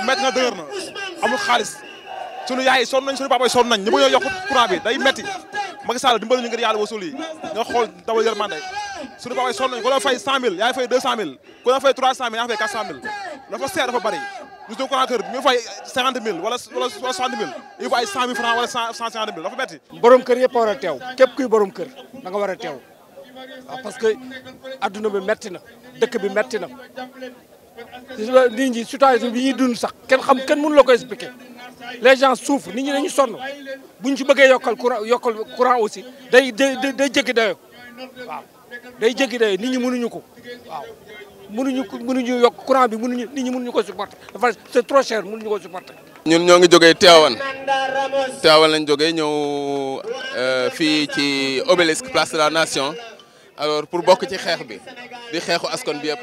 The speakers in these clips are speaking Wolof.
bi métti na dëgër na amul xaalis sunu yaay yi sonn yi sonn nañ ñu bëgg a yokk courant bi day métti yi nga xool fay 100000 yaa la fay 300000 yaa ngi fay 400000 dafa fay 50000 wala wala 60000 yu ba ay 100000 a teew képp kuy borom nga war a teew na dëkk bi métti na nit ñi situation bi ñuy dund sax kenn xam kenn mënu la ko expliquer les gens souffrent nit ñi dañu sonn bu ñu ci bëggee yokkal courant yokkal courant aussi day day day jéggi dayoo waaw day jéggi dayoo nit ñi mënuñu ko waaw mënuñu ko mënuñu yokk courant bi mënuñu nit ñi mënuñu ko supporter dafa c'est trop cher mënuñu ko supporter. ñun ñoo ngi jogee wan Tivaouane Tivaouane lañ jógee ñëw euh, fii ci obélisque place de la nation alors pour bokk ci xeex bi di xeexu askon bi yëpp.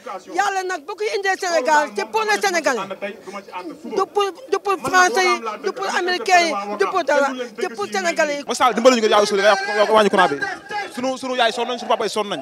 yàlla nag bu ko indee Sénégal c'est pour les Sénégalais du pour du yi du pour américain yi du pour dara c'est pour Sénégalais yi. Macky Sall dimbali ñu ko yàlla suul nga wàññi courant bi sunu sunu yaay sonn nañ sunu papa yi sonn nañ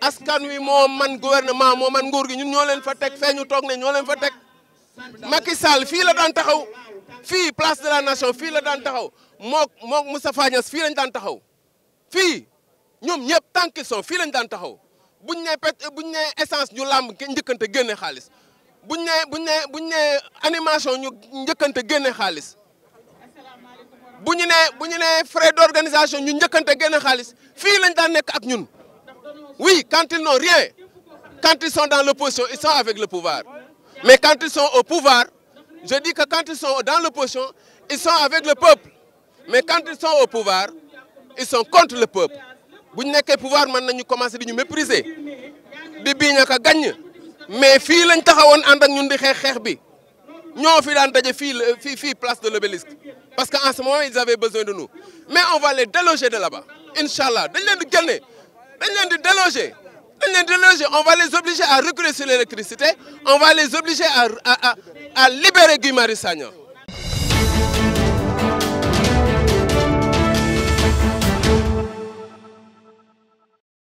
askan wi moo man gouvernement moo man nguur gi ñun ñoo leen fa teg fee ñu toog ne ñoo fa teg Macky Sall fii la daan taxaw fii place de la nation fii la daan taxaw mook mook Moustapha Niasse fii lañ daan taxaw fii ñoom ñëpp tant qu'ils sont fii lañ daan taxaw buñ ne pet buñ ne essence ñu làmb njëkkante génne xaalis buñ ne buñ ne buñ ne animation ñu njëkkante génne xaalis bu ñu ne bu ñu ne frais d'organisation ñu njëkkante génne xaalis fii lañ daan nekk ak ñun Oui, quand ils n'ont rien, quand ils sont dans l'opposition, ils sont avec le pouvoir. Mais quand ils sont au pouvoir, je dis que quand ils sont dans l'opposition, ils sont avec le peuple. Mais quand ils sont au pouvoir, ils sont contre le peuple. Si n'avez que le pouvoir, nous commençons à nous mépriser. Nous gagné. Mais nous sommes en nous fi de nous. place de l'obélisque parce qu'en ce moment ils avaient besoin de nous mais on va les déloger de là-bas InshaAllah, dañ leen on va les obliger à reculer sur l'électricité on va les obliger à libérer Guy